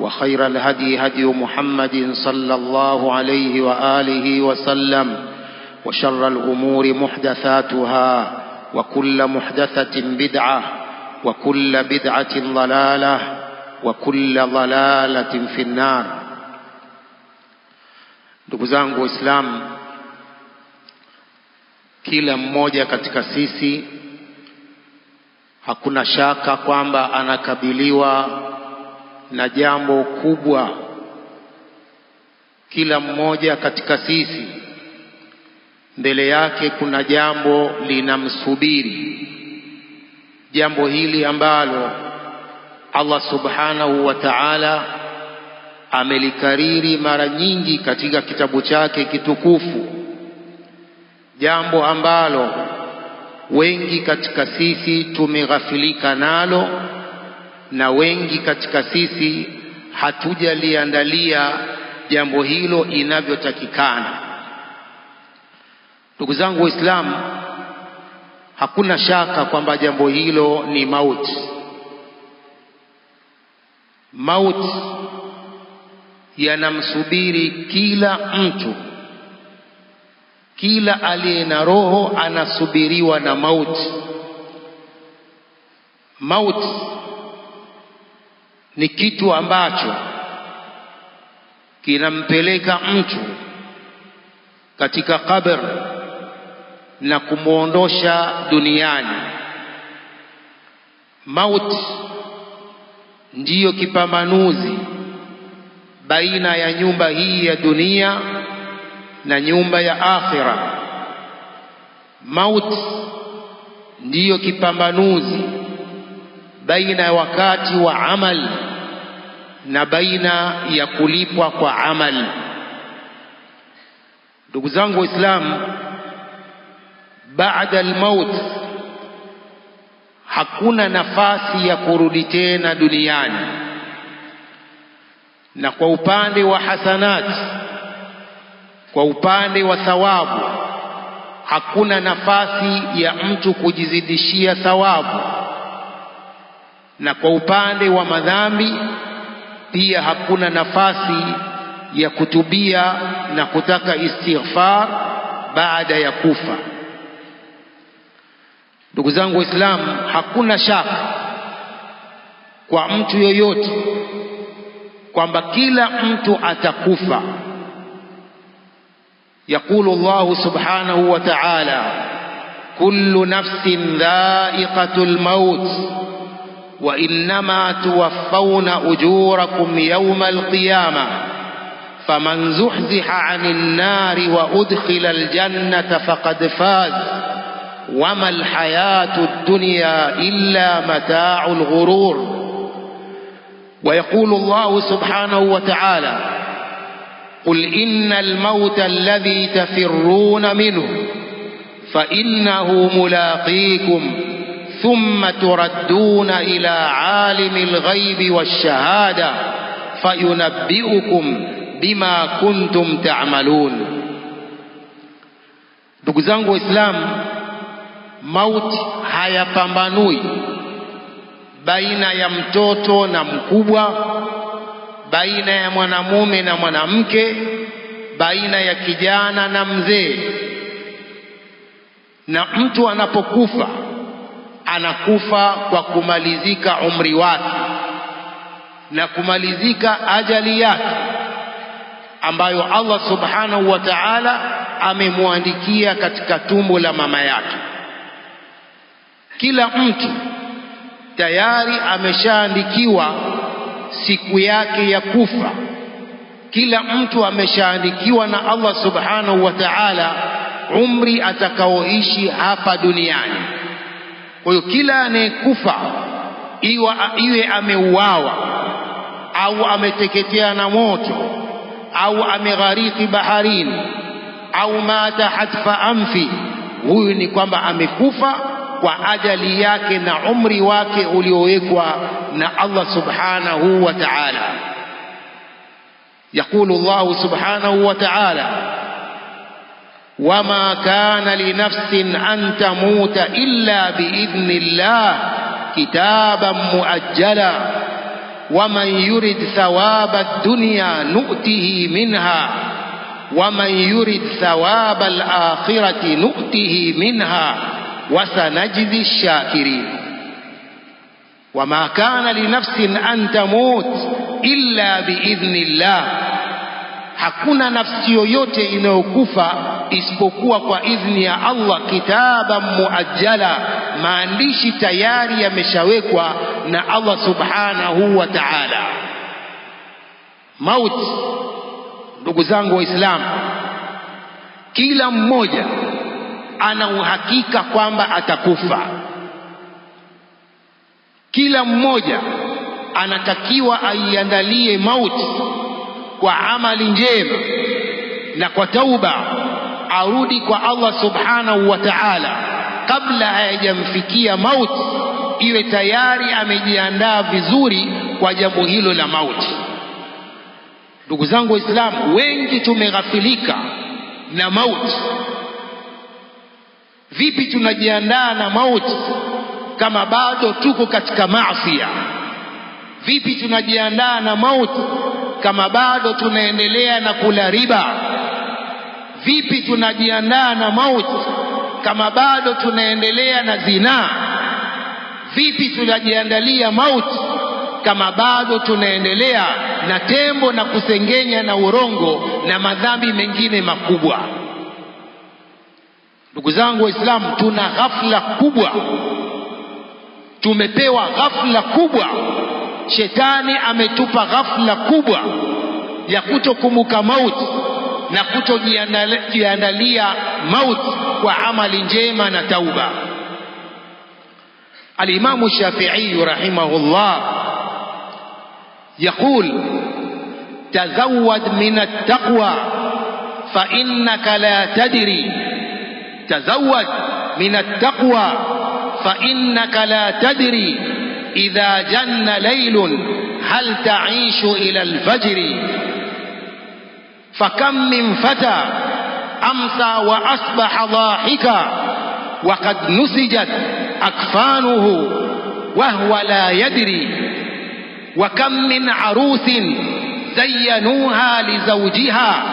وخير الهدي هدي محمد صلى الله عليه وآله وسلم وشر الأمور محدثاتها وكل محدثة بدعة وكل بدعة ضلالة وكل ضلالة في النار ndugu إسلام كلا موجة mmoja katika hakuna shaka kwamba anakabiliwa na jambo kubwa. Kila mmoja katika sisi mbele yake kuna jambo linamsubiri, jambo hili ambalo Allah subhanahu wa ta'ala amelikariri mara nyingi katika kitabu chake kitukufu, jambo ambalo wengi katika sisi tumeghafilika nalo na wengi katika sisi hatujaliandalia jambo hilo inavyotakikana. Ndugu zangu Waislamu, hakuna shaka kwamba jambo hilo ni mauti. Mauti yanamsubiri kila mtu, kila aliye na roho anasubiriwa na mauti. Mauti ni kitu ambacho kinampeleka mtu katika kabr na kumwondosha duniani. Mauti ndiyo kipambanuzi baina ya nyumba hii ya dunia na nyumba ya akhira. Mauti ndiyo kipambanuzi baina ya wakati wa amali na baina ya kulipwa kwa amal. Ndugu zangu Waislamu, baada almaut hakuna nafasi ya kurudi tena duniani, na kwa upande wa hasanati, kwa upande wa thawabu, hakuna nafasi ya mtu kujizidishia thawabu, na kwa upande wa madhambi pia hakuna nafasi ya kutubia na kutaka istighfar baada ya kufa. Ndugu zangu Waislamu, hakuna shaka kwa mtu yoyote kwamba kila mtu atakufa. Yaqulu Allahu subhanahu wa ta'ala, kullu nafsin dha'iqatul maut وإنما توفون أجوركم يوم القيامة فمن زحزح عن النار وأدخل الجنة فقد فاز وما الحياة الدنيا إلا متاع الغرور ويقول الله سبحانه وتعالى قل إن الموت الذي تفرون منه فإنه ملاقيكم thumma turadduna ila alimi lghaibi walshahada fayunabbiukum bima kuntum ta'malun. Ndugu zangu Waislamu, mauti hayapambanui baina ya mtoto na mkubwa, baina ya mwanamume na mwanamke, baina ya kijana na mzee. Na mtu anapokufa anakufa kwa kumalizika umri wake na kumalizika ajali yake ambayo Allah subhanahu wa ta'ala amemwandikia katika tumbo la mama yake. Kila mtu tayari ameshaandikiwa siku yake ya kufa. Kila mtu ameshaandikiwa na Allah subhanahu wa ta'ala umri atakaoishi hapa duniani. Kwa hiyo kila anayekufa iwe ameuawa au ameteketea na moto au ameghariki baharini au mata hatfa amfi, huyu ni kwamba amekufa kwa ajali yake na umri wake uliowekwa na Allah subhanahu wa ta'ala. Yaqulu Allahu subhanahu wa ta'ala وما كان لنفس أن تموت إلا بإذن الله كتابا مؤجلا ومن يرد ثواب الدنيا نؤته منها ومن يرد ثواب الآخرة نؤته منها وسنجزي الشاكرين وما كان لنفس أن تموت إلا بإذن الله hakuna nafsi yoyote inayokufa isipokuwa kwa idhni ya Allah, kitaban muajjala, maandishi tayari yameshawekwa na Allah subhanahu wa ta'ala. Mauti, ndugu zangu Waislamu, kila mmoja ana uhakika kwamba atakufa. Kila mmoja anatakiwa aiandalie mauti kwa amali njema na kwa tauba, arudi kwa Allah subhanahu wa ta'ala kabla hayajamfikia mauti, iwe tayari amejiandaa vizuri kwa jambo hilo la mauti. Ndugu zangu Waislamu, wengi tumeghafilika na mauti. Vipi tunajiandaa na mauti kama bado tuko katika maasi? Vipi tunajiandaa na mauti kama bado tunaendelea na kula riba? Vipi tunajiandaa na mauti kama bado tunaendelea na zinaa? Vipi tunajiandalia mauti kama bado tunaendelea na tembo na kusengenya na urongo na madhambi mengine makubwa? Ndugu zangu Waislamu, tuna ghafla kubwa, tumepewa ghafla kubwa Shetani ametupa ghafla kubwa ya kutokumbuka mauti na kutojiandalia mauti kwa amali njema na tauba. Alimamu Shafi'i rahimahullah yaqul tazawad min attaqwa fa innaka la tadri, tazawad min attaqwa fa innaka la tadri إذا جن ليل هل تعيش إلى الفجر فكم من فتى أمسى وأصبح ضاحكا وقد نسجت أكفانه وهو لا يدري وكم من عروس زينوها لزوجها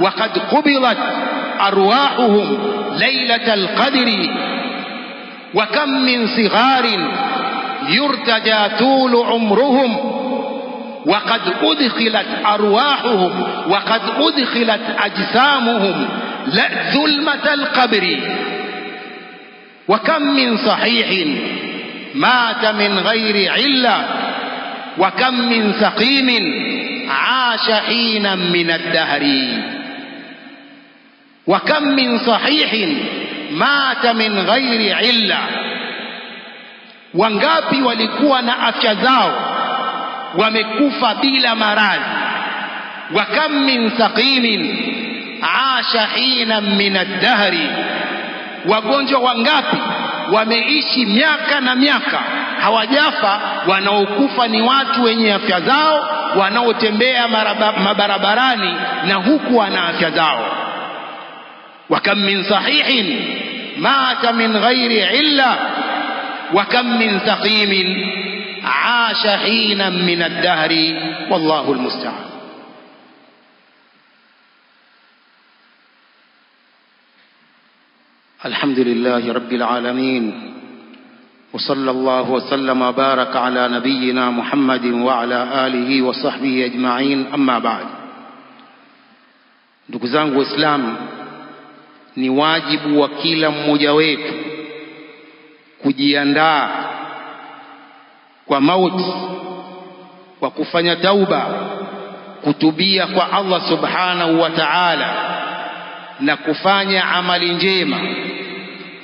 وقد قبضت أرواحهم ليلة القدر وكم من صغار يرتجى طول عمرهم وقد أدخلت أرواحهم وقد أدخلت أجسامهم ظلمة القبر وكم من صحيح مات من غير علة وكم من سقيم عاش حينا من الدهر وكم من صحيح مات من غير عله Wangapi walikuwa na afya zao wamekufa bila maradhi? Wa kam min saqimin asha hina min ad-dahri, wagonjwa wangapi wameishi miaka na miaka hawajafa. Wanaokufa ni watu wenye afya zao, wanaotembea mabarabarani na huku wana afya zao. Wa kam min sahihin mata min ghairi illa وكم من سقيم عاش حينا من الدهر والله المستعان الحمد لله رب العالمين وصلى الله وسلم وبارك على نبينا محمد وعلى آله وصحبه أجمعين أما بعد ndugu zangu waislamu ni wajibu wa kila mmoja wetu kujiandaa kwa mauti kwa kufanya tauba, kutubia kwa Allah subhanahu wa ta'ala, na kufanya amali njema,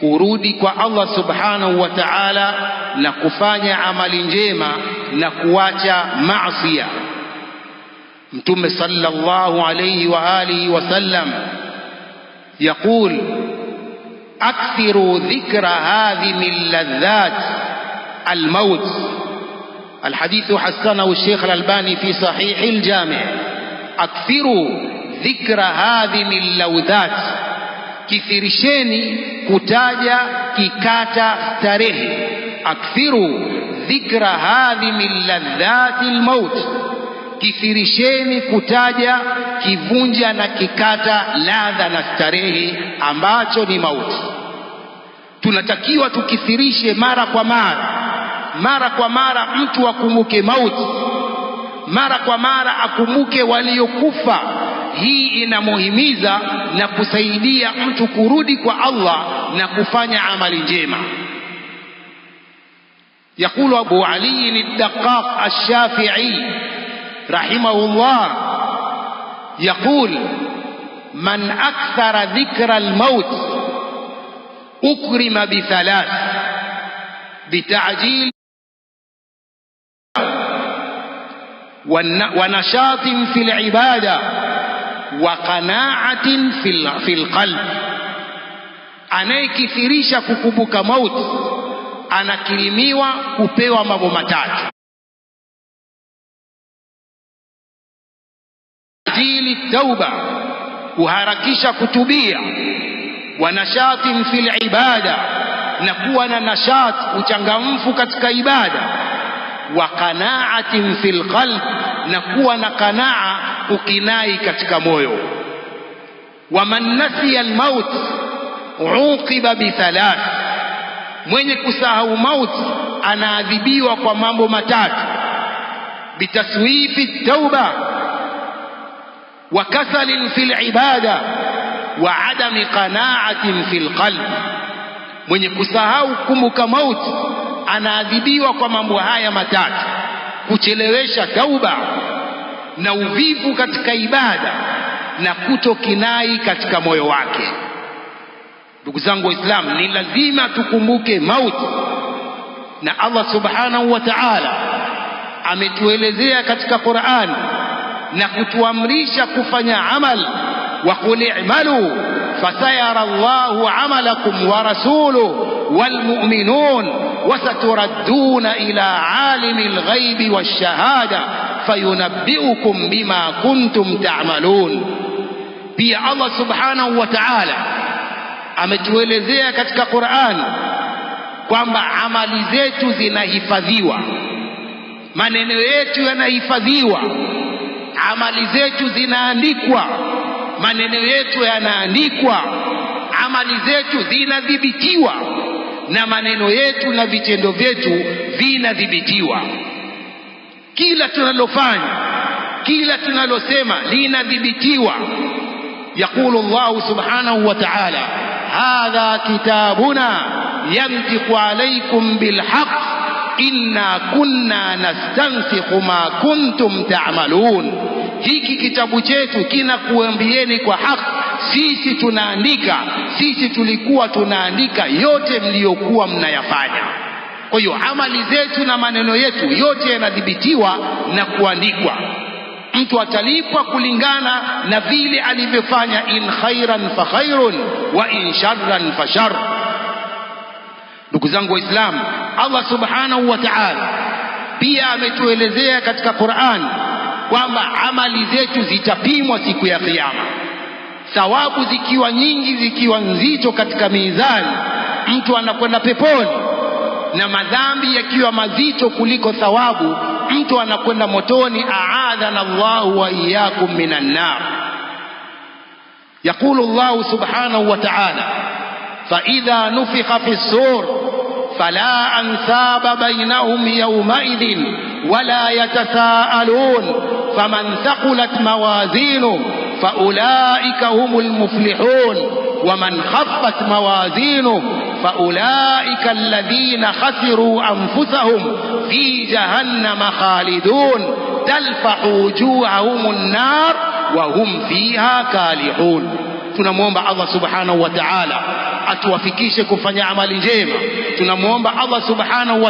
kurudi kwa Allah subhanahu wa ta'ala na kufanya amali njema na kuacha maasi Mtume sallallahu alayhi wa alihi wasallam yaqul أكثروا ذكر هذه من لذات الموت الحديث حسنه الشيخ الألباني في صحيح الجامع أكثروا ذكر هذه من لوذات كثرشيني كتاجا ككاتا ستره أكثروا ذكر هذه من لذات الموت كثرشيني كتاجا كفنجا ككاتا لاذا نستره أماتني موت موت tunatakiwa tukithirishe mara kwa mara, mara kwa mara mtu akumbuke mauti, mara kwa mara akumbuke waliokufa. Hii inamuhimiza na kusaidia mtu kurudi kwa Allah na kufanya amali njema. Yaqulu Abu Ali ad-Daqqaq ash-Shafi'i rahimahullah, yaqul man akthara dhikra al-maut أكرم بثلاث بتعجيل ونشاط في العبادة وقناعة في القلب أنيكي ثريشة كوكبك موت أنا كرميوة كوبيوة مبومتات تعجيل التوبة وهركشة كتبية wa nashatin fil ibada, na kuwa na nashat uchangamfu katika ibada, wa qanaatin fil qalb, na kuwa na qanaa ukinai katika moyo. Wa man nasiya maut uqiba bi thalath, mwenye kusahau mauti anaadhibiwa kwa mambo matatu: bitaswifi tauba wa kasalin fil ibada wa adami qanaatin fil qalbi, mwenye kusahau kumbuka mauti anaadhibiwa kwa mambo haya matatu: kuchelewesha tauba na uvivu katika ibada na kutokinai katika moyo wake. Ndugu zangu Waislamu, ni lazima tukumbuke mauti, na Allah subhanahu wa ta'ala ametuelezea katika Qur'an na kutuamrisha kufanya amali وقل اعملوا فسيرى الله عملكم ورسوله والمؤمنون وستردون إلى عالم الغيب والشهادة فينبئكم بما كنتم تعملون في الله سبحانه وتعالى ametuelezea عمل Qur'an kwamba amali zetu zinahifadhiwa maneno yetu عمل amali zetu zinaandikwa maneno yetu yanaandikwa, amali zetu zinadhibitiwa, na maneno yetu na vitendo vyetu vinadhibitiwa. Kila tunalofanya, kila tunalosema linadhibitiwa. Yaqulu Allahu subhanahu wa ta'ala, hadha kitabuna yantiqu alaykum bilhaq inna kunna nastansikhu ma kuntum ta'malun ta hiki kitabu chetu kinakuambieni kwa haki, sisi tunaandika, sisi tulikuwa tunaandika yote mliyokuwa mnayafanya. Kwa hiyo amali zetu na maneno yetu yote yanadhibitiwa na kuandikwa. Mtu atalipwa kulingana na vile alivyofanya, in khairan fa khairun wa in sharran fa shar. Ndugu zangu Waislamu, Allah subhanahu wa ta'ala pia ametuelezea katika Qur'an kwamba amali zetu zitapimwa siku ya Kiyama, thawabu zikiwa nyingi, zikiwa nzito katika mizani, mtu anakwenda peponi, na madhambi yakiwa mazito kuliko thawabu, mtu anakwenda motoni. aadhana Allahu wa iyyakum minan nar. Yaqulu Allahu subhanahu wa ta'ala, fa idha nufikha fi ssur fala ansaba bainahum yawma idhin wala yatasaalun فمن ثقلت موازينه فأولئك هم المفلحون ومن خفت موازينه فأولئك الذين خسروا أنفسهم في جهنم خالدون تلفح وجوههم النار وهم فيها كالحون تنموهم بعض سبحانه وتعالى ta'ala atuwafikishe kufanya amali njema tunamwomba Allah subhanahu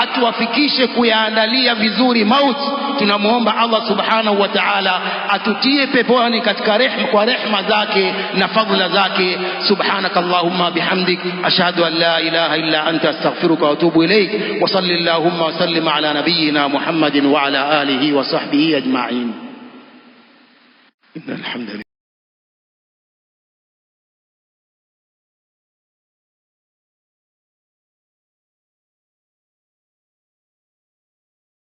atuwafikishe kuyaandalia vizuri mauti. tunamuomba Allah subhanahu wa ta'ala atutie peponi katika rehma, kwa rehma zake na fadhila zake. subhanaka allahumma bihamdik ashhadu an la ilaha illa anta astaghfiruka wa atubu ilayk wa salli allahumma wa sallim ala nabiyyina Muhammadin wa ala alihi wa sahbihi ajma'in. inna alhamdulillah